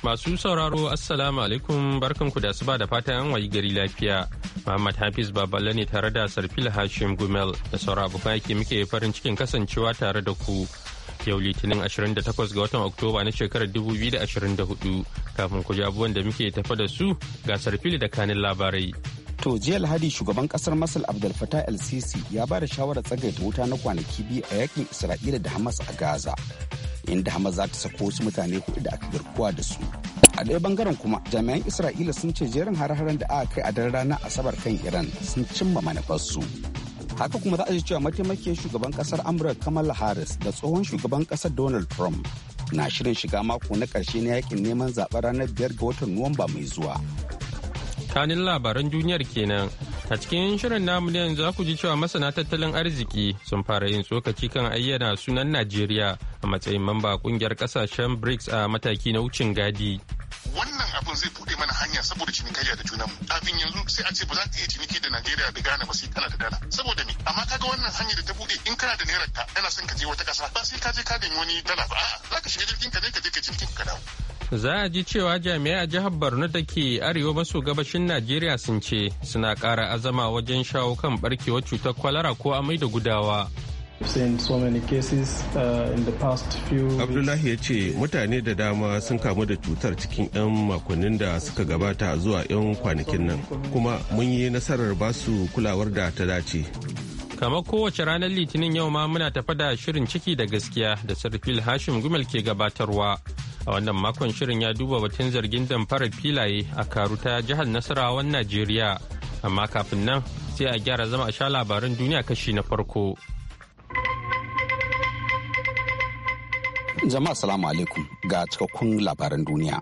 Masu sauraro Assalamu alaikum barkanku da asuba da fatan an wayi gari lafiya. Muhammad Hafiz Baballe ne tare da Sarfil Hashim Gumel da saura abokan yake muke farin cikin kasancewa tare da ku. Yau Litinin 28 ga watan Oktoba na shekarar 2024 kafin ku ji abubuwan da muke tafa da su ga Sarfil da kanin labarai. To jiya alhaji shugaban kasar Masar Abdul Fattah El Sisi ya ba da shawarar tsagaita wuta na kwanaki biyu a yakin Isra'ila da Hamas a Gaza. inda hamas za ta sako wasu mutane hudu da aka garkuwa da su a ɗaya bangaren kuma jami'an isra'ila sun ce jerin har-haren da aka kai a daren ranar asabar kan iran sun cimma manufarsu haka kuma za a ji cewa mataimakin shugaban kasar amurka kamala harris da tsohon shugaban kasar donald trump na shirin shiga mako na ƙarshe na yakin neman zaɓen ranar biyar ga watan nuwamba mai zuwa kanin labaran duniyar kenan A cikin shirin namu yanzu za ku ji cewa masana tattalin arziki sun fara yin tsokaci kan ayyana sunan Najeriya a matsayin mamba kungiyar kasashen BRICS a mataki na wucin gadi. Wannan zai bude mana hanya saboda cinikayya da junanmu kafin yanzu sai a ce ba za ka iya ciniki da Najeriya da Ghana ba sai kana da dala saboda me amma kaga wannan hanyar da ta bude in kana da naira ka kana son ka je wata ƙasa ba sai ka je ka ganyi wani dala ba a'a za ka shiga jirgin ka ne ka je ka jirgin ka dawo za a ji cewa jami'ai a jihar borno da ke arewa maso gabashin najeriya sun ce suna ƙara azama wajen shawo kan barkewar cutar kwalara ko amai da gudawa Uh, Abdullahi ya ce mutane da dama sun kamu da cutar cikin 'yan makonnin da suka gabata zuwa 'yan kwanakin nan kuma mun yi nasarar basu kulawar da ta dace. Kamar kowace ranar litinin yau ma muna tafa da shirin ciki da gaskiya da sarfil Hashim Gumel ke gabatarwa. A wannan makon shirin ya duba batun zargin damfarar filaye a karuta jihar Nasarawan Najeriya. Amma kafin nan sai a gyara zama a sha labaran duniya kashi na farko. Jama'a salamu alaikum ga cikakkun labaran duniya.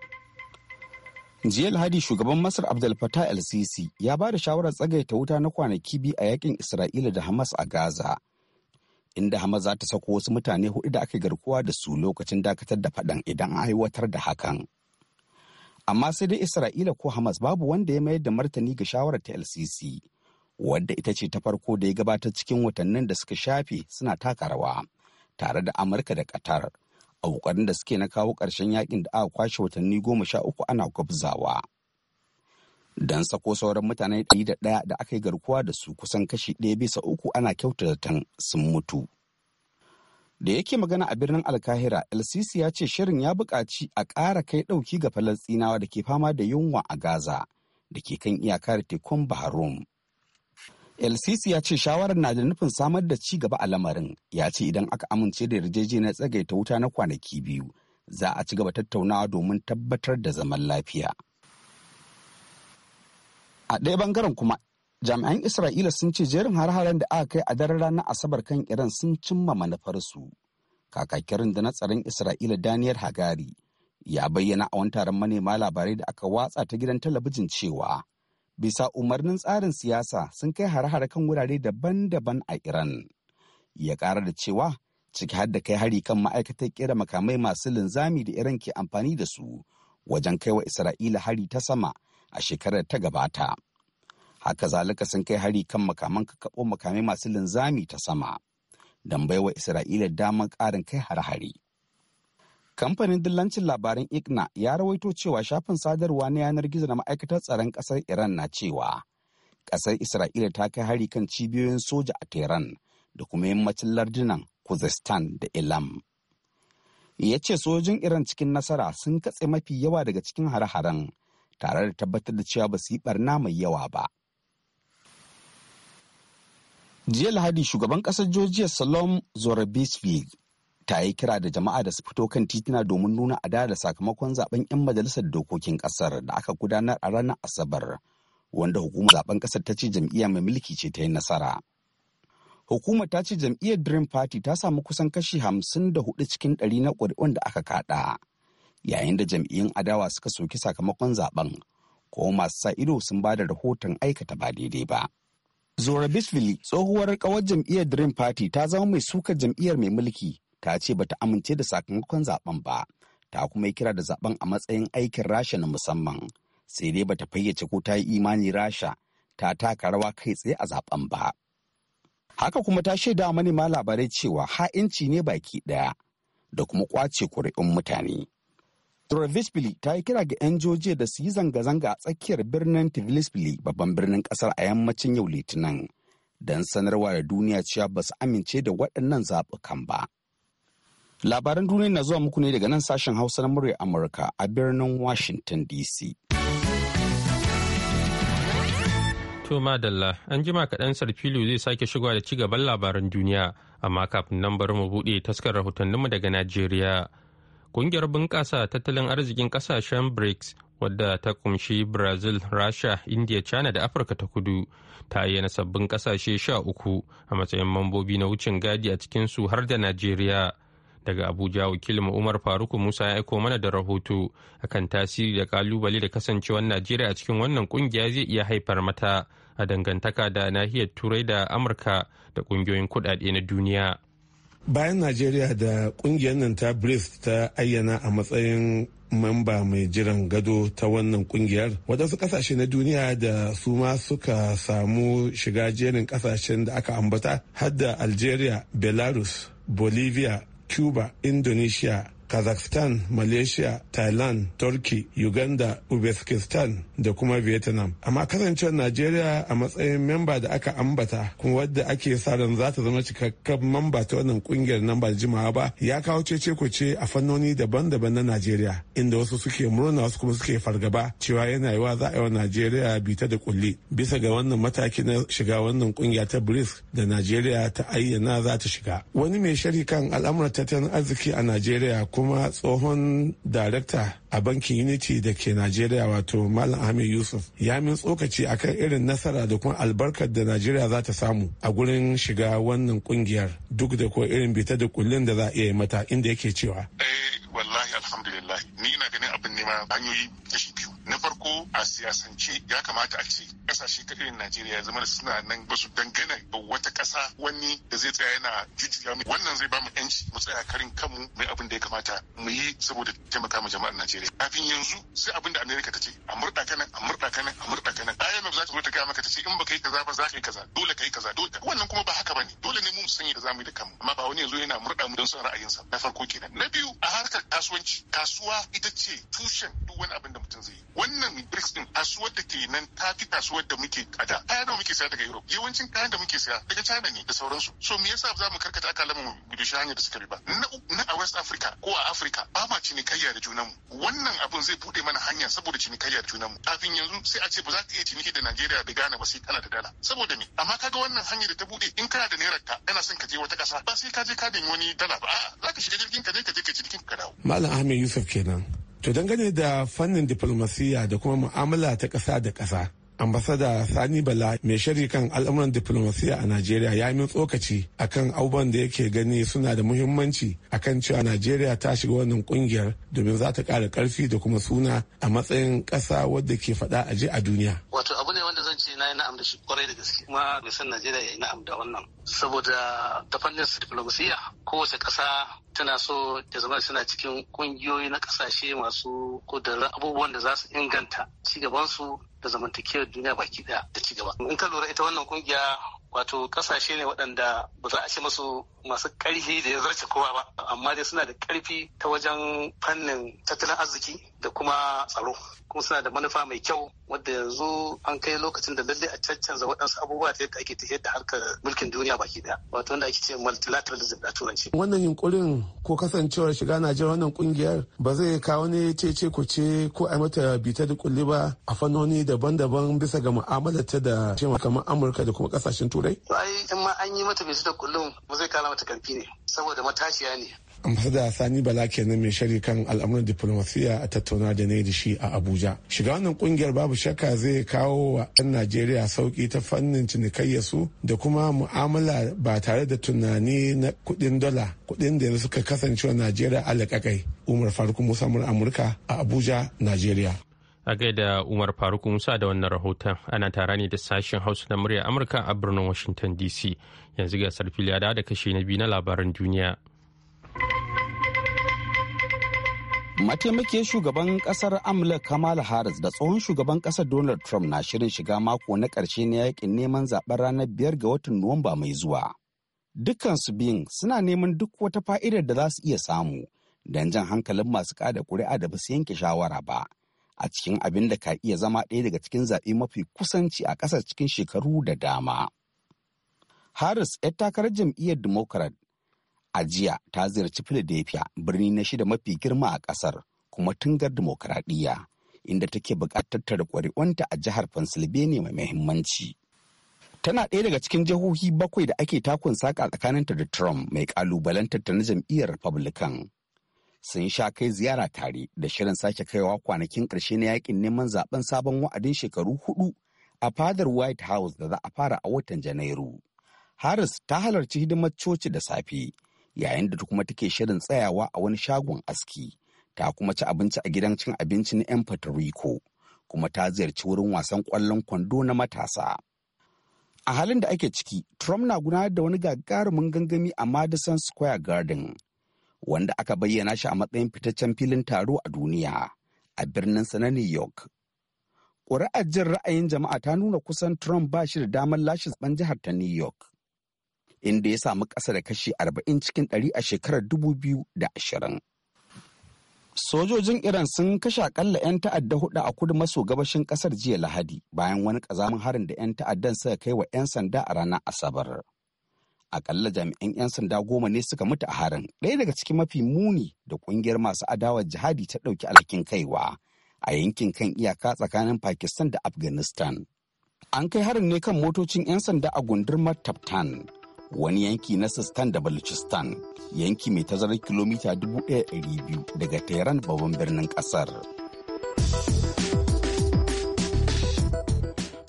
jiya lahadi shugaban masar abdul fattah el sisi ya ba da shawarar tsagaita wuta na kwanaki biyu a yakin isra'ila da hamas a gaza inda hamas za ta sako wasu mutane hudu da aka garkuwa da su lokacin dakatar da faɗan idan an aiwatar da hakan amma sai dai isra'ila ko hamas babu wanda ya mayar da martani ga shawarar ta lcc wadda ita ce ta farko da ya gabatar cikin watannin da suka shafe suna taka rawa tare da amurka da qatar a kokarin da suke na kawo ƙarshen yakin da aka kwashe watanni goma sha uku ana gwabzawa. Don sako sauran mutane ɗari da ɗaya da aka yi garkuwa da su kusan kashi ɗaya bisa uku ana zaton sun mutu. da yake magana a birnin alkahira lcc ya ce shirin ya buƙaci a ƙara kai ɗauki ga falastinawa da ke fama da yunwa a gaza da ke kan iyaka da tekun Bahrain. LCC ya ce shawarar na da nufin samar da ci gaba a lamarin ya ce idan aka amince da yarjejeniyar tsagaita wuta na kwanaki biyu za a ci gaba tattaunawa domin tabbatar da zaman lafiya. A ɗaya bangaren kuma jami'an Isra'ila sun ce jerin har-haren da aka kai a daren ranar Asabar kan Iran sun cimma manufarsu. Kakakirin da na tsaron Isra'ila Daniel Hagari ya bayyana a wani taron manema labarai da aka watsa ta gidan talabijin cewa bisa umarnin tsarin siyasa sun kai hare-hare kan wurare daban-daban a Iran. Ya ƙara da cewa ciki har da kai hari kan ma'aikatar kera makamai masu linzami da Iran ke amfani da su wajen kai wa Isra'ila hari ta sama a shekarar ta gabata. Haka zalika sun kai hari kan makaman kakabo makamai masu linzami ta sama don baiwa Isra'ila damar ƙarin kai har hare Kamfanin dillancin labarin Igna ya rawaito cewa shafin sadarwa na yanar gizo na ma'aikatar tsaron ƙasar Iran na cewa ƙasar Isra'ila ta kai hari kan cibiyoyin soja a Tehran da kuma yammacin lardunan Kuzestan da Ilam. Ya ce sojin Iran cikin nasara sun katse mafi yawa daga cikin hare-haren tare da tabbatar da cewa ba su yi barna mai yawa ba. Jiya Lahadi shugaban ƙasar Georgia Salom Zorabisvig ta yi kira da jama'a da su fito kan tituna domin nuna da sakamakon zaben 'yan majalisar dokokin kasar da aka gudanar a ranar asabar wanda hukumar zaben kasar ta ce jam'iyya mai mulki ce ta yi nasara hukumar ta ce jam'iyyar dream party ta samu kusan kashi hamsin da hudu cikin ɗari na ƙuri'un da aka kaɗa yayin da jam'iyyun adawa suka soki sakamakon zaben ko masu sa ido sun ba da rahoton aikata ba daidai ba zora bisfili tsohuwar kawar jam'iyyar dream party ta zama mai suka jam'iyyar mai mulki ta ce bata amince da sakamakon zaben ba ta kuma yi kira da zaben a matsayin aikin rasha na musamman sai dai bata fayyace ko ta yi imani rasha ta taka rawa kai tsaye a zaben ba haka kuma ta shaida manema labarai cewa ha'inci ne baki daya da kuma kwace kuri'un mutane Tbilisi ta yi kira ga 'yan joje da su yi zanga-zanga a tsakiyar birnin Tbilisi babban birnin kasar a yammacin yau litinin don sanarwa da duniya cewa ba su amince da waɗannan zaɓukan ba. Labaran duniya na zuwa muku ne daga nan sashen Hausa na murya Amurka a birnin Washington DC. To madalla an jima kaɗan sarfilu zai sake shigowa da cigaban labaran duniya amma kafin nan bari mu buɗe taskar rahotanninmu daga Najeriya. Kungiyar bunƙasa tattalin arzikin ƙasashen BRICS wadda ta kumshi Brazil, Rasha, India, China da Afirka ta kudu ta yana sabbin ƙasashe sha uku a matsayin mambobi na wucin gadi a cikin su har da Najeriya. daga abuja wakilin umar faruku musa ya aiko mana da rahoto akan tasiri da kalubale da kasancewar najeriya a cikin wannan kungiya zai iya haifar mata a dangantaka da nahiyar turai da amurka da kungiyoyin kudade na duniya bayan najeriya da kungiyar nan ta brics ta ayyana a matsayin mamba mai jiran gado ta wannan kungiyar wadansu kasashe na duniya da su ma suka samu shiga jerin kasashen da aka ambata har da algeria belarus bolivia cuba indonesia kazakhstan malaysia thailand turkey uganda uzbekistan da kuma vietnam amma kasancewar najeriya a matsayin memba da aka ambata kuma wadda ake sa ran za ta zama cikakken mamba ta wannan kungiyar nan ba jimawa ba ya kawo cece ce a fannoni daban-daban na najeriya inda wasu suke murna wasu kuma suke fargaba cewa yana yiwa za a yi wa najeriya bita da kulli bisa ga wannan mataki na shiga wannan kungiya ta brics da najeriya ta ayyana za ta shiga wani mai shari kan al'amuran tattalin arziki a najeriya kuma tsohon darakta a bankin unity da ke najeriya wato malam ahmed yusuf ya min tsokaci akan irin nasara da kuma albarkar da najeriya za ta samu a gurin shiga wannan kungiyar duk da ko irin bita da kullun da za a iya mata inda yake cewa eh, wallahi alhamdulillah ni na ganin abin nema hanyoyi kashi biyu na farko a siyasance ya kamata a ce kasashe irin najeriya zama suna nan ba su dangana ba wata kasa wani da zai tsaya yana jujjuya wannan zai ba mu yanci mu tsaya karin kanmu mai abin da ya kamata mu yi saboda taimaka ma jama'ar najeriya asiri kafin yanzu sai abin da Amerika ta ce a murda kanan a murda kanan a murda kanan imf za ta zo ta gaya maka ta ce in ba kai kaza ba za ka yi kaza dole ka yi kaza dole wannan kuma ba haka ba ne dole ne mu yadda da mu yi da kanmu amma ba wani yanzu yana murda mu don son ra'ayinsa na farko kenan na biyu a harkar kasuwanci kasuwa ita ce tushen duk wani abin da mutum zai yi wannan BRICS din kasuwar da ke nan ta fi kasuwar da muke a da kayan da muke saya daga Europe yawancin kayan da muke saya daga China ne da sauransu so me yasa za mu karkata akalamin mu shi hanyar da suka bi ba na a West Africa ko a Africa ba ma cinikayya da junanmu wannan abin zai bude mana hanya saboda cinikayyar junanmu kafin yanzu sai a ce ba za ta iya ciniki da Najeriya da Ghana ba sai kana da dala saboda me amma kaga wannan hanya da ta bude in kana da naira ka kana son ka je wata kasa ba sai ka je ka wani dala ba a'a za ka shiga jirgin ka je ka je ka cinikin ka dawo Malam Ahmed Yusuf kenan To dangane da fannin diplomasiya da kuma mu'amala ta ƙasa da ƙasa, ambasada sani bala mai shari kan al'amuran diplomasiya a najeriya ya min tsokaci akan abubuwan da yake gani suna da muhimmanci akan cewa najeriya ta shiga wannan kungiyar domin za ta kara karfi da kuma suna a matsayin ƙasa wadda ke faɗa a a duniya wanda zan ce na yi na'am da shi kwarai da gaske kuma mai san Najeriya ya yi na'am da wannan saboda ta fannin diplomasiya kowace ƙasa tana so ta zama suna cikin ƙungiyoyi na ƙasashe masu kudurin abubuwan da za su inganta cigabansu da zamantakewar duniya baki ɗaya da cigaba. In ka lura ita wannan ƙungiya wato ƙasashe ne waɗanda ba za a ce masu masu ƙarfi da ya zarce kowa ba amma dai suna da ƙarfi ta wajen fannin tattalin arziki da kuma tsaro kuma suna da manufa mai kyau wadda yanzu an kai lokacin da lallai a caccanza waɗansu abubuwa ta yadda ake tafiyar da harkar mulkin duniya baki daya wato wanda ake ce multilateralism da turanci wannan yunkurin ko kasancewar shiga najeriya wannan kungiyar ba zai kawo ne cece ku ce ko a mata bita da kulli ba a fannoni daban-daban bisa ga mu'amalar ta da kamar amurka da kuma kasashen turai ai in ma an yi mata bita da kullum ba zai kara mata karfi ne saboda matashiya ne da sani bala kenan mai shari kan al'amuran diplomasiya a tattauna da nai da shi a abuja shiga wannan kungiyar babu shakka zai kawo wa 'yan najeriya sauki ta fannin cinikayya su da kuma mu'amala ba tare da tunani na kudin dola kudin da suka kasance wa najeriya alakakai umar faruk musa amurka a abuja najeriya a gaida umar faruk musa da wannan rahoton ana tara ne da sashen hausa na murya amurka a birnin washington dc yanzu ga ya da kashe na biyu na labaran duniya mataimakiyar shugaban kasar amla kamala harris da tsohon shugaban kasar donald trump na shirin shiga mako na ƙarshe na yakin neman zaben ranar biyar ga watan nuwamba mai zuwa dukkansu biyun suna neman duk wata fa'idar da za su iya samu don jan hankalin masu ƙada kuri'a da ba su yanke shawara ba a cikin abin da ka iya zama ɗaya daga cikin zaɓe mafi kusanci a ƙasar cikin shekaru da dama harris 'yar takarar jam'iyyar democrat a jiya ta ziyarci Philadelphia birni na shida mafi girma a kasar kuma tungar dimokuraɗiyya inda take buƙatar tattara ƙwari'unta a jihar Pennsylvania mai muhimmanci. Tana ɗaya daga cikin jihohi bakwai da ake takun saƙa tsakaninta da Trump mai ƙalubalantar ta na jam'iyyar Republican. Sun sha kai ziyara tare da shirin sake kaiwa kwanakin ƙarshe na yakin neman zaben sabon wa'adin shekaru hudu a fadar White House da za a fara a watan Janairu. Harris ta halarci hidimar coci da safe yayin da kuma take shirin tsayawa a wani shagon aski ta kuma ci abinci a gidan cin abinci na 'yan Puerto Rico kuma ta ziyarci wurin wasan kwallon kwando na matasa. A halin da ake ciki, Trump na gudanar da wani gagarumin gangami a Madison Square Garden, wanda aka bayyana shi a matsayin fitaccen filin taro a duniya a birnin sa na New York. Ƙuri'ar jin ra'ayin jama'a ta nuna kusan Trump ba shi da damar lashe zaben jihar ta New York. inda ya samu ƙasa da kashi 40 cikin 100 a shekarar 2020. Sojojin Iran sun kashe akalla 'yan ta'adda hudu a kudu maso gabashin kasar jiya Lahadi bayan wani kazamin harin da 'yan ta'addan suka kai wa 'yan sanda a ranar Asabar. Akalla jami'an 'yan sanda goma ne suka mutu a harin, ɗaya daga cikin mafi muni da ƙungiyar masu adawar jihadi ta ɗauki alhakin kaiwa a yankin kan iyaka tsakanin Pakistan da Afghanistan. An kai harin ne kan motocin 'yan sanda a gundurmar Taptan. wani yanki na sistan da baluchistan yanki mai tazarar kilomita 1,200 daga tehran babban birnin kasar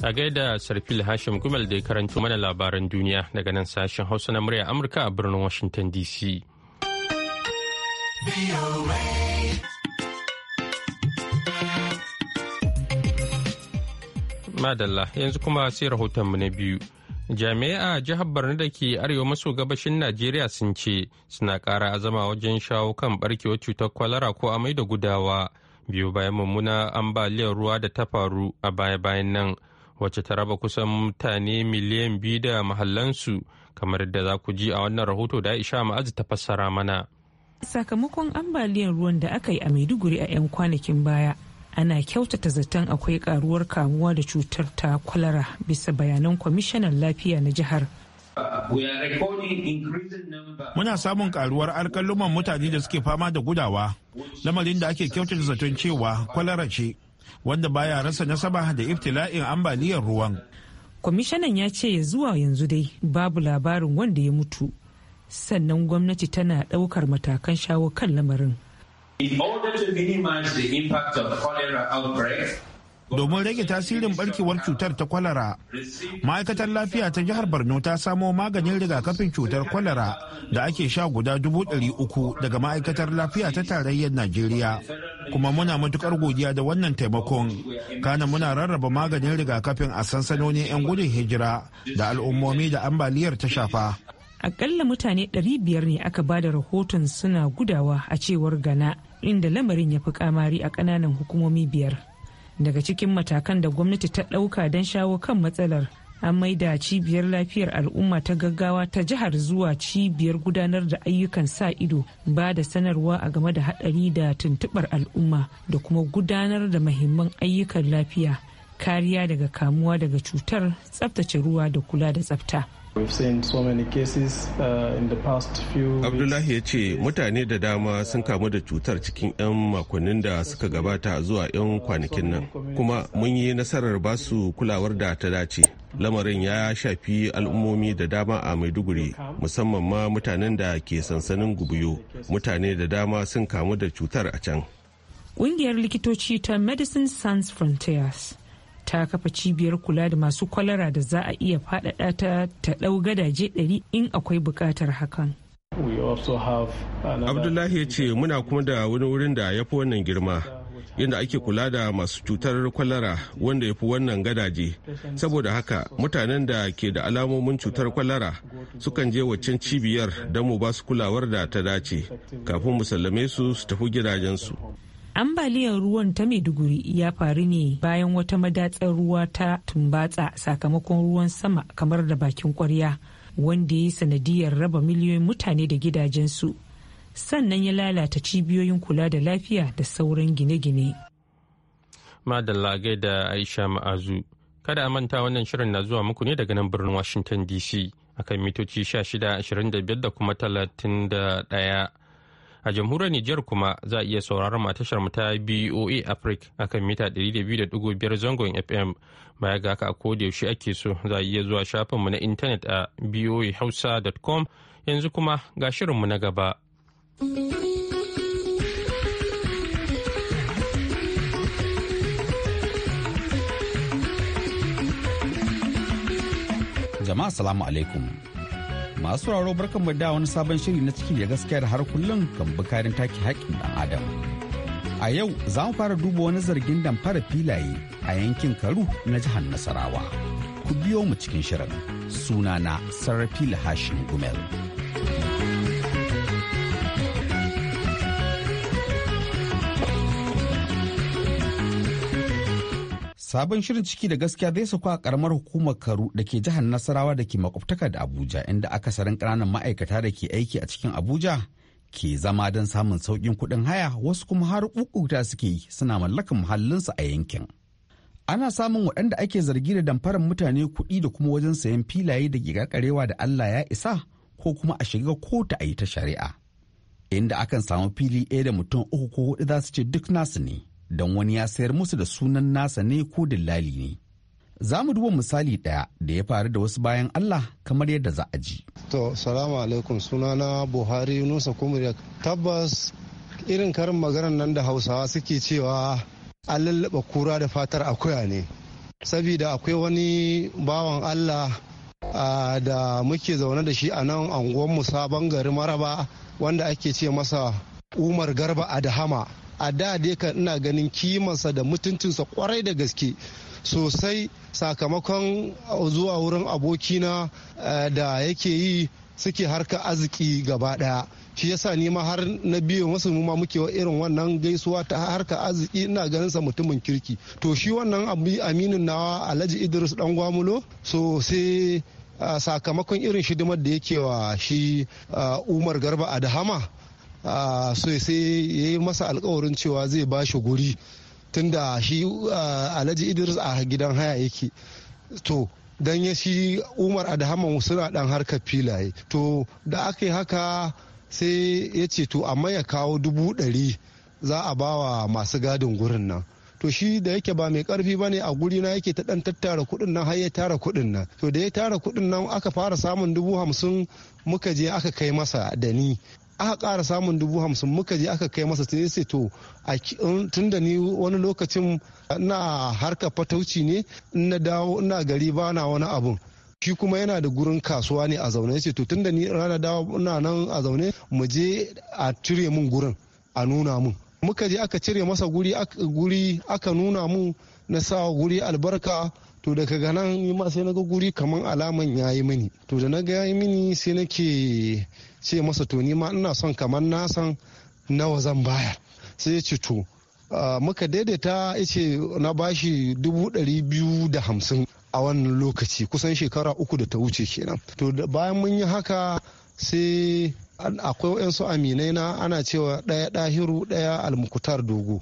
a gaida sarfil hashim Gumel da ya karanto mana labaran duniya daga nan sashen hausa na murya amurka a birnin washington dc madalla yanzu kuma sai rahoton mu na biyu jami'a jihar borno da ke arewa maso gabashin najeriya sun ce suna kara azama wajen shawo kan barkewar cutar kwalara ko amai da gudawa biyu bayan mummuna ambaliyar ruwa da ta faru a baya-bayan nan wacce ta raba kusan mutane miliyan biyu da mahallansu kamar da za ku ji a wannan rahoto da aisha ma'azi ta fassara mana sakamakon ambaliyar ruwan da aka yi a maiduguri a 'yan kwanakin baya ana kyautata zaton akwai karuwar kamuwa da cutar ta kwalara bisa bayanan kwamishinan lafiya na jihar Muna samun karuwar alkaluman mutane da suke fama da gudawa, lamarin da ake kyautata zaton cewa kwalara ce, wanda baya rasa nasaba da iftila'in ambaliyar ruwan. Kwamishinan ya ce ya zuwa yanzu dai babu labarin wanda ya mutu, sannan gwamnati tana ɗaukar matakan shawo kan lamarin. domin rage tasirin barkewar cutar ta kwalara ma'aikatar lafiya ta jihar borno ta samo maganin rigakafin cutar kwalara da ake sha guda dubu ɗari uku daga ma'aikatar lafiya ta tarayyar najeriya kuma muna matukar godiya da wannan taimakon kana muna rarraba maganin rigakafin a sansanonin 'yan gudun hijira da al'ummomi da ambaliyar ta shafa akalla mutane 500 ne aka bada rahoton suna gudawa a cewar gana inda lamarin ya fi kamari a ƙananan hukumomi biyar daga cikin matakan da gwamnati ta ɗauka don shawo kan matsalar an maida cibiyar lafiyar al'umma ta gaggawa ta jihar zuwa cibiyar gudanar da ayyukan sa ido ba da sanarwa a game da haɗari da tuntuɓar al'umma da kuma gudanar da mahimman ayyukan lafiya kariya daga kamuwa daga cutar tsaftace ruwa da kula da tsafta. Uh, Abdullahi ya ce mutane da dama sun kamu da cutar cikin 'yan makonnin da suka gabata zuwa 'yan kwanakin nan kuma mun yi nasarar basu kulawar da ta dace. Lamarin ya shafi al'ummomi da dama a Maiduguri musamman ma mutanen da ke sansanin gubiyo mutane da dama sun kamu da cutar a can. Ƙungiyar likitoci ta Medicine Sans Frontiers ta kafa cibiyar kula da masu kwalara da za a iya faɗaɗa ta ta ɗau gadaje ɗari in akwai buƙatar hakan. Abdullahi ya ce muna kuma da wani wurin da ya fi wannan girma. yadda ake kula da masu cutar kwalara wanda ya fi wannan gadaje saboda haka mutanen da ke da alamomin cutar kwalara sukan je waccan cibiyar don mu ba su kulawar da ta dace kafin mu sallame su su tafi gidajensu ambaliyar ruwan ta maiduguri ya faru ne bayan wata madatsar ruwa ta tumbatsa sakamakon ruwan sama kamar da bakin kwarya wanda ya yi sanadiyar raba miliyoyin mutane da gidajensu sannan ya lalata cibiyoyin kula da lafiya da sauran gine-gine. Madalla da Aisha Ma'azu. Kada a manta wannan shirin na zuwa muku ne daga nan birnin Washington DC akan mitoci 1625 da kuma 31. A jamhuriyar Nijar kuma za a iya sauraron a tashar mu ta BOA Africa akan mita 200.5 zangon FM. Baya ga haka a koda yaushe ake so za a iya zuwa shafinmu na intanet a boahausa.com yanzu kuma ga shirinmu na gaba. Jama'a salamu alaikum. masu sauraro barkan mu da wani sabon shiri na ciki da gaskiya da har kullum kan bukarin take haƙƙin dan adam a yau za mu fara duba wani zargin damfara filaye a yankin karu na jihar nasarawa ku biyo mu cikin shirin sunana sarrafi lahashin gumel. Sabon shirin ciki da gaskiya zai sauka a karamar hukumar Karu da ke jihar Nasarawa da ke makwabtaka da Abuja inda akasarin ƙananan ma'aikata da ke aiki a cikin Abuja ke zama don samun sauƙin kuɗin haya wasu kuma har kukuta suke yi suna mallakan muhallinsu a yankin. Ana samun waɗanda ake zargi da damfarar mutane kuɗi da kuma wajen sayan filaye da ke karkarewa da Allah ya isa ko kuma a shiga kotu a yi ta shari'a. Inda akan samu fili ɗaya da mutum uku ko huɗu za su ce duk nasu ne. don wani ya sayar musu da sunan nasa ne ko dillali ne. Za mu duba misali ɗaya da ya faru da wasu bayan Allah kamar yadda za a ji. To, salamu alaikum sunana Buhari Nusa Kumriya. Tabbas irin karin maganar nan da Hausawa suke cewa an lallaba kura da fatar akuya ne. Sabida akwai wani bawan Allah da muke zaune da shi a nan anguwan sabon gari maraba wanda ake ce masa Umar Garba Adahama. a da dai kan ina ganin kimansa da mutuncinsa kwarai da gaske sosai sakamakon zuwa wurin abokina eh, da yake yi suke harka arziki gaba daya shi yasa ni ma har na biyu mu ma muke irin wannan gaisuwa ta harka arziki ina ganin sa mutumin kirki to shi wannan aminin nawa alhaji idris dan gwamulo so sai eh, sakamakon irin shidimar da yake wa shi eh, umar garba adahama sai ya yi masa alkawarin cewa zai ba shi guri tunda shi alhaji idris a gidan haya yake to don ya shi umar adhaman suna dan harkar filaye to da aka yi haka sai ya ce to amma ya kawo dubu ɗari za a bawa masu gadin gurin nan to shi da yake ba mai karfi ba ne a guri na yake ta dan tattara kudin nan har ya tara kudin nan to da ya tara kudin nan aka fara samun dubu hamsin muka je aka kai masa da ni aka kara samun dubu hamsin muka je aka kai masa sai sai to tun da ni wani lokacin na harka fatauci ne na dawo ina gari ba na wani abun shi kuma yana da gurin kasuwa ne a zaune sai to tun da ni rana dawo ina nan a zaune mu je a cire mun gurin a nuna mun muka je aka cire masa guri aka nuna mu na sa guri albarka to daga ganan ni ma sai na ga guri kaman alaman yayi mini to da na ga yayi mini sai nake ce masa to ni ma ina son kaman na san nawa zan bayar sai ya ce to muka daidaita ya ce na bashi dubu ɗari biyu da hamsin a wannan lokaci kusan shekara uku da ta wuce kenan to bayan mun yi haka sai akwai wa'yansu aminai na ana cewa ɗaya ɗahiru ɗaya almukutar dogo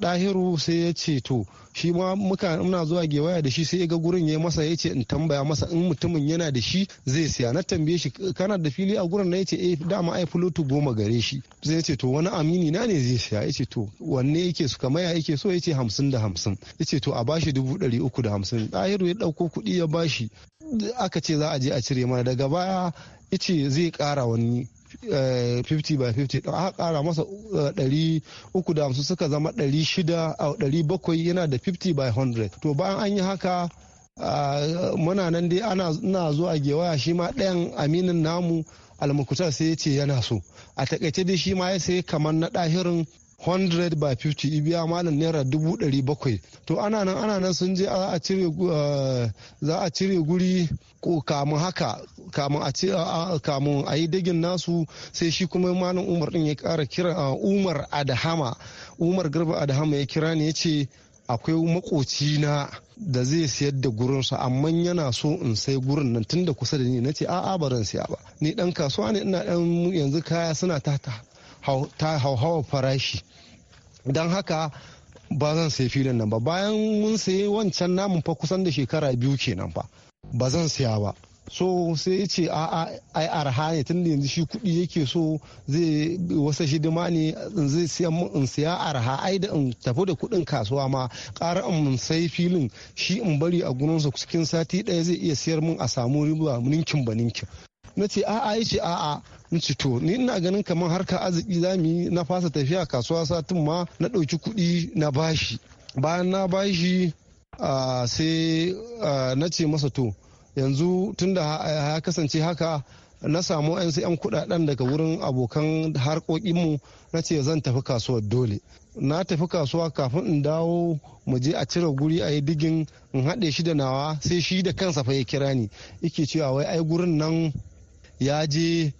ɗahiru sai ya ce to shi ma muka muna zuwa gewaya da shi sai ya ga gurin ya masa ya ce in tambaya masa in mutumin yana da shi zai siya na tambaye shi kana da fili a gurin na ya ce eh, dama ai fulutu goma gare shi zai ce to wani amini na ne zai siya ya ce to wanne yake su kamar ya yake so ya ce hamsin da hamsin ya ce to a bashi dubu ɗari uku da hamsin ɗahiru ya ɗauko kuɗi ya bashi aka ce za a je a cire mana daga baya ice zai ƙara wani 50 by 50 ɗin aka ƙara masa 350 uh, suka zama 600 a 700 yana da 50 by 100 to bayan an yi haka uh, muna nan dai ana zuwa gewaya shi ma ɗayan aminin namu almukutar sai ya ce yana so a takaice dai shi ma ya sai kamar na ɗahirin 100 by 50 ibiya malam naira dubu ɗari bakwai to ana nan ana nan sun je za a cire guri kamun haka kamun a ce kamun a yi dagin nasu sai shi kuma malam umar din ya kara kira umar adahama umar garba adahama ya kira ne ya ce akwai makoci na da zai sayar da gurinsa amma yana so in sai gurin nan tunda kusa da ni na ce a'a baran siya ba ni dan kasuwa ne ina dan yanzu kaya suna ta ta hauhawar farashi don haka ba zan sayi filin nan ba bayan mun sayi wancan namun fa kusan da shekara biyu kenan ba ba zan saya ba so sai ce a ai arha ne tun da yanzu shi kuɗi yake so zai wasa hidima ne zai siya in siya arha ai da in tafi da kuɗin kasuwa ma ƙara in sai filin shi in bari a gurinsa cikin sati ɗaya zai iya siyar mun a samu riba ninkin ba ninkin na ce a'a ya ce a'a in ci to ni ina ganin kamar harkar arziki za mu yi na fasa tafiya kasuwa satin ma na ɗauki kuɗi na bashi bayan na bashi sai na ce masa to yanzu tunda ya kasance haka na samu yan sai yan kudaden daga wurin abokan harkokinmu na ce zan tafi kasuwar dole na tafi kasuwa kafin in dawo mu je a cire guri a yi digin in haɗe shi da nawa sai shi da kansa fa ya kira ni yake cewa wai ai gurin nan ya je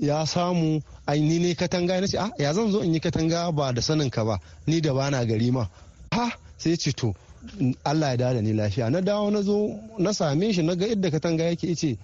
ya samu aini ne katanga na ce ah ya zan zo in yi katanga ba da sanin ka ba ni da bana gari ma ha sai ce to Allah ya dada ni lafiya na dawo na zo na same shi na ga idda katanga yake ce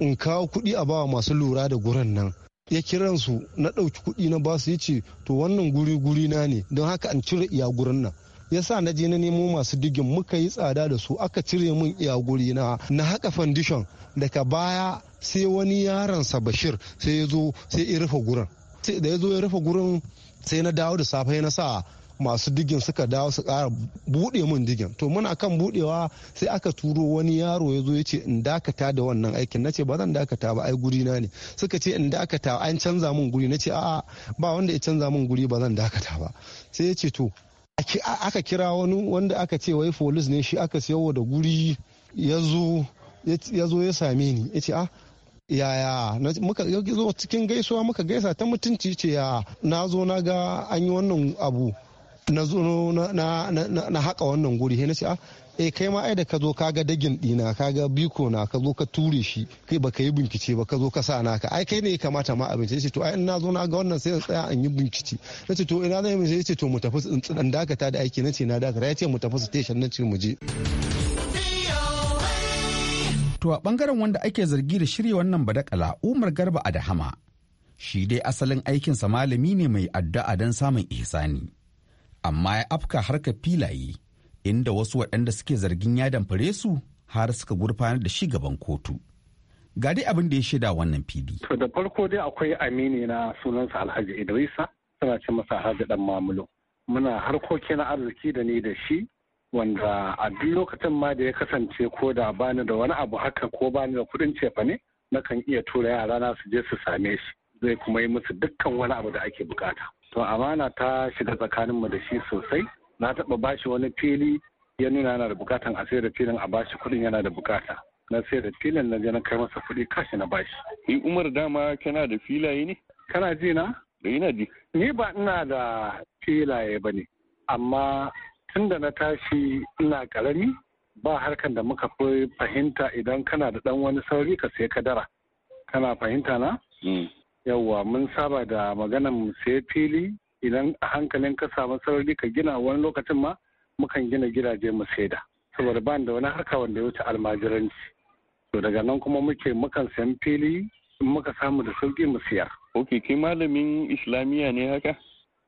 in kawo kuɗi a bawa masu lura da gurin nan ya kiran su na ɗauki kuɗi na ba su ce to wannan guri guri na ne don haka an cire iya gurin nan ya sa na je na nemo masu digin muka yi tsada da su aka cire min iya guri na haka foundation daga baya sai wani yaransa bashir sai ya zo sai ya rufe gurin sai da ya zo ya rufe gurin sai na dawo da safe na sa masu digin suka dawo su kara buɗe mun digin to muna kan buɗewa sai aka turo wani yaro ya zo ya ce in dakata da wannan aikin na ce ba zan dakata ba ai guri na ne suka ce in dakata an canza mun guri na ce a'a ba wanda ya canza mun guri ba zan dakata ba sai ya ce to aka kira wani wanda aka ce wai folis ne shi aka siyo da guri ya zo ya same ni ya ce a ah, yaya muka zo cikin gaisuwa muka gaisa ta mutunci ce ya na zo na ga an yi wannan abu na zo na haka wannan guri na ce e kai ma ai da ka zo ka ga dagin dina ka ga biko na ka zo ka ture shi kai baka yi bincike ba ka zo ka sa naka ai kai ne ya kamata ma abin sai to ai in na zo na ga wannan sai tsaya an yi bincike ce to ina zan yi bincike ce to mu tafi in dan dakata da aiki nace na dakata ya ce mu tafi station ce mu je To a bangaren wanda ake zargi da shirya wannan badakala Umar Garba Adahama shi dai asalin aikinsa malami ne mai addu'a don samun ihsani. Amma ya afka harka filaye inda wasu waɗanda suke zargin ya damfare su har suka gurfanar da shi gaban kotu. Ga dai abin da ya shaida wannan fili. To da farko dai akwai amini na sunansa Alhaji Idrisa suna ce masa Alhaji Dan Mamulo. Muna harkoki na arziki da ni da shi wanda a duk lokacin ma da ya kasance ko da bani da wani abu haka ko bani da kuɗin cefa ne nakan iya tura yara na su je su same shi zai kuma yi musu dukkan wani abu da ake bukata to amana ta shiga tsakaninmu da shi sosai na taba bashi wani fili ya nuna yana da bukatan a sayar da filin a bashi kuɗin yana da bukata na sayar da filin na je na kai masa kuɗi kashi na bashi ni umar dama kana da filaye ne kana ji na da eh, ji ni ba ina da filaye ba ne amma tun da na tashi ina karami ba harkan da muka fi fahimta idan kana da dan wani sauri ka sai dara kana fahimta na mm. yawwa mun saba da maganan sai fili idan a hankalin ka samu sauri ka gina wani lokacin ma mukan gina gidaje mu da saboda ban da wani harka wanda ya wuce almajiranci to daga nan kuma muke mukan sayan fili muka samu da sauki mu siyar ok kai malamin islamiyya ne haka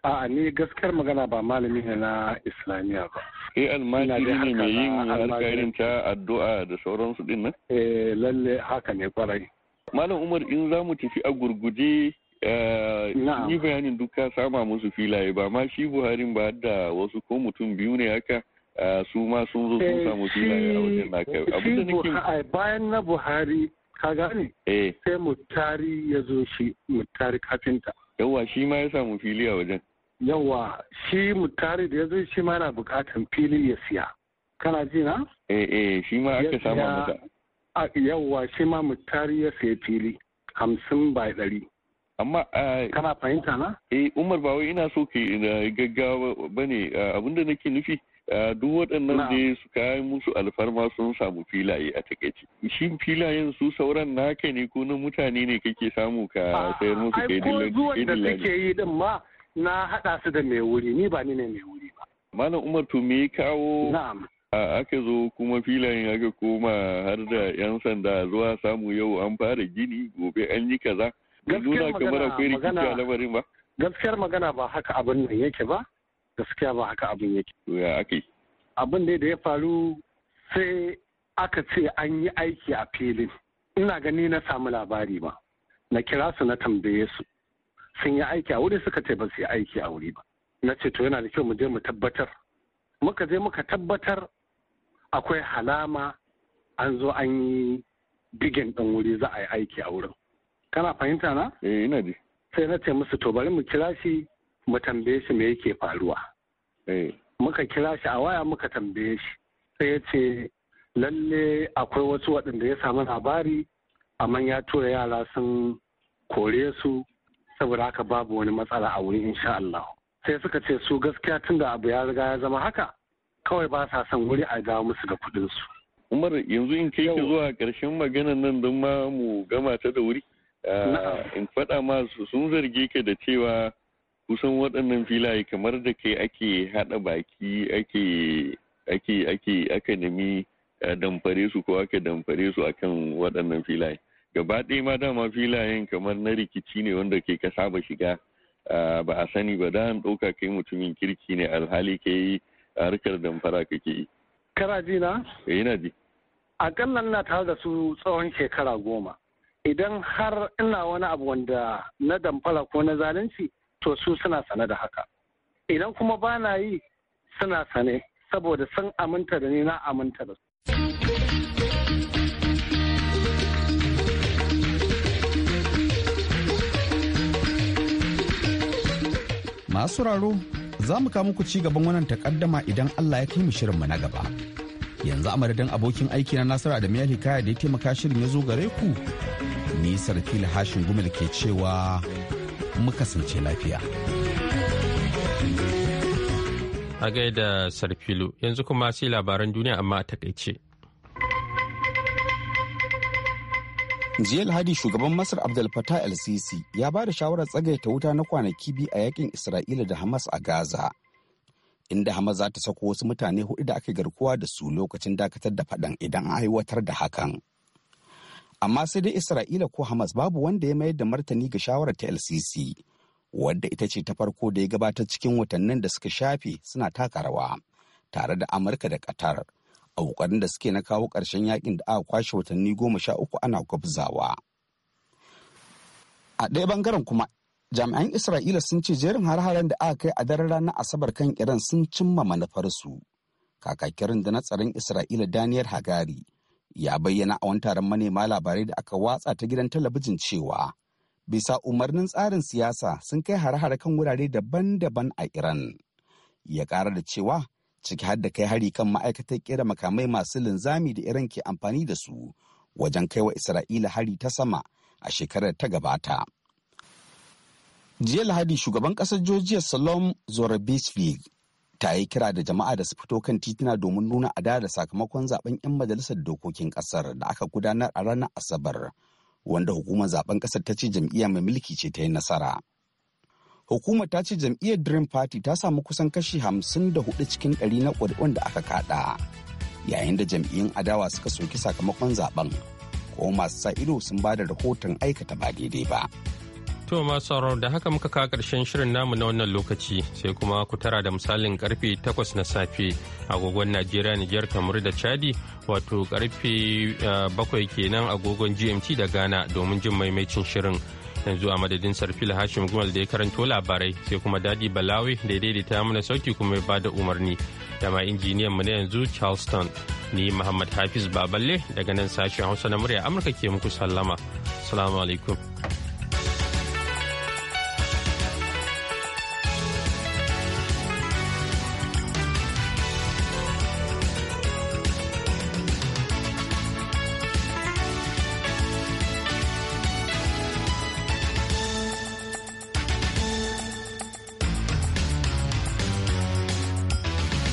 A'a ni gaskiyar magana ba malami ne na Islamiyya ba. Eh almajiri ne mai yin alƙairin ta addu'a da sauransu din nan? Eh lalle haka ne kwarai. Malam Umar in za mu tafi a gurguje eh, ni bayanin duka sama musu filaye ba ma shi Buharin ba da wasu ko mutum biyu ne haka eh, su ma sun zo sun eh, samu filaye a wajen naka. shi bayan na Buhari ka gane? Sai Mutari ya zo shi Mutari kafinta. Yawwa shi ma ya samu fili a wajen. yawa shi mutare da ya zai shi ma na bukatan fili ya siya kana ji na eh eh shi ma aka samu mata yawa shi ma mutare ya siya fili hamsin bai dari. amma kana fahimta na eh umar bawai ina so ke gaggawa ba ne abinda nake nufi duk waɗannan da su kayan musu alfarma sun samu filaye a takaici shin filayen su sauran naka ne ko na mutane ne kake samu ka sayar musu kai dillan ai ko zuwan da suke yi din ma na haɗa su da mai wuri ni ba ni ne mai wuri ba. Malam Umar to me kawo a aka zo kuma filayen aka koma har da 'yan sanda zuwa samu yau an fara gini gobe an yi kaza. Gaskiyar magana Gaskiyar magana ba haka abin nan yake ba. Gaskiya ba haka abin yake. To ya ake? Abin da ya faru sai aka ce an yi aiki a filin. Ina gani na samu labari ba. Na kira su na tambaye su. sun yi aiki a wuri suka ce ba su yi aiki a wuri ba na ce to yana da kyau mu je mu tabbatar muka je muka tabbatar akwai halama an zo an yi digin ɗin wuri za a yi aiki a wurin kana fahimta na eh ina bi sai na ce musu to bari mu kira shi mu tambaye shi me yake faruwa eh. muka kira shi a waya muka tambaye shi sai ya ce lalle akwai wasu waɗanda ya samu labari amma ya tura yara sun kore su saboda haka babu wani matsala a wuri insha Allah sai suka ce su gaskiya tun da abu ya riga ya zama haka kawai ba sa son wuri a dawo musu da kuɗin su Umar yanzu in kai ki zuwa karshen maganar nan don ma mu gama ta da wuri ah, in faɗa ma sun zarge ka da cewa kusan waɗannan filaye kamar da kai ake haɗa baki ake ake ake aka nemi ah, damfare su ko aka damfare su akan waɗannan filaye gaba ɗaya ma dama filayen kamar na rikici ne wanda ke ka saba shiga ba a sani ba da an ɗauka kai mutumin kirki ne alhali ka yi harkar damfara ka ke yi. Kara ji na? Yana eh, ji. na tare da su tsawon shekara goma. Idan har ina wani abu wanda na damfara ko na zalunci to su suna sane da haka. Idan kuma ba na yi suna sane saboda sun aminta da ni na aminta da su. Masu raro za mu kawo muku ci gaban wannan takaddama idan Allah ya kai mu shirinmu na gaba. Yanzu a madadin abokin aiki na Nasiru Adamu ya hikaya da ya taimaka shirin ya zo gare ku. Ni Sarfila Hashin Gumel ke cewa mu kasance lafiya. A gaida Sarfilu yanzu kuma sai labaran duniya amma a takaice. jiya Hadi shugaban masar abdul fatah el sisi ya ba da shawarar tsagaita wuta na kwanaki biyu a yakin isra'ila da hamas a gaza inda hamas za ta sako wasu mutane hudu da aka garkuwa da su lokacin dakatar da faɗan idan an aiwatar da hakan amma sai dai isra'ila ko hamas babu wanda ya mayar da martani ga shawarar ta lcc wadda ita ce ta farko da ya gabatar cikin watannin da suka shafe suna taka rawa tare da amurka da qatar a kokarin da suke na kawo ƙarshen yakin da aka kwashe watanni goma sha uku ana gwabzawa. A ɗaya bangaren kuma jami'an Isra'ila sun ce jerin har-haren da aka kai a daren ranar Asabar kan Iran sun cimma manufarsu. Kakakirin da na tsaron Isra'ila Daniel Hagari ya bayyana a wani taron manema labarai da aka watsa ta gidan talabijin cewa bisa umarnin tsarin siyasa sun kai hare-hare kan wurare daban-daban a Iran. Ya ƙara da cewa ciki har da kai hari kan ma'aikatar kera makamai masu linzami da iran ke amfani da su wajen kai wa isra'ila hari ta sama a shekarar ta gabata jiya lahadi shugaban kasar georgia salom zorabisvig ta yi kira da jama'a da su fito kan tituna domin nuna ada da sakamakon zaben 'yan majalisar dokokin kasar da aka gudanar a ranar asabar wanda hukumar zaben kasar ta ce jam'iyya mai mulki ce ta yi nasara Hukumar ta ce jam'iyyar Dream Party ta samu kusan kashi hamsin da hudu cikin 100 na ƙuri'un da aka kada. Yayin da jam'iyyun adawa suka soki sakamakon zaben, ko masu sa ido sun ba da rahoton aikata ba daidai ba. To masu da haka muka kawo ƙarshen shirin namu na wannan lokaci sai kuma ku tara da misalin karfe 8 na safe agogon Najeriya Nijar kamar da Chadi wato karfe 7 eh, kenan agogon GMT da Ghana domin jin maimaicin shirin. yanzu a madadin sarfil hashim gumal da ya karanto labarai sai kuma dadi balawi da ya daidaita mana sauki kuma ya bada umarni da ma injiniyan mu na yanzu charleston ni muhammad hafiz baballe daga nan sashen hausa na murya amurka ke muku sallama salamu alaikum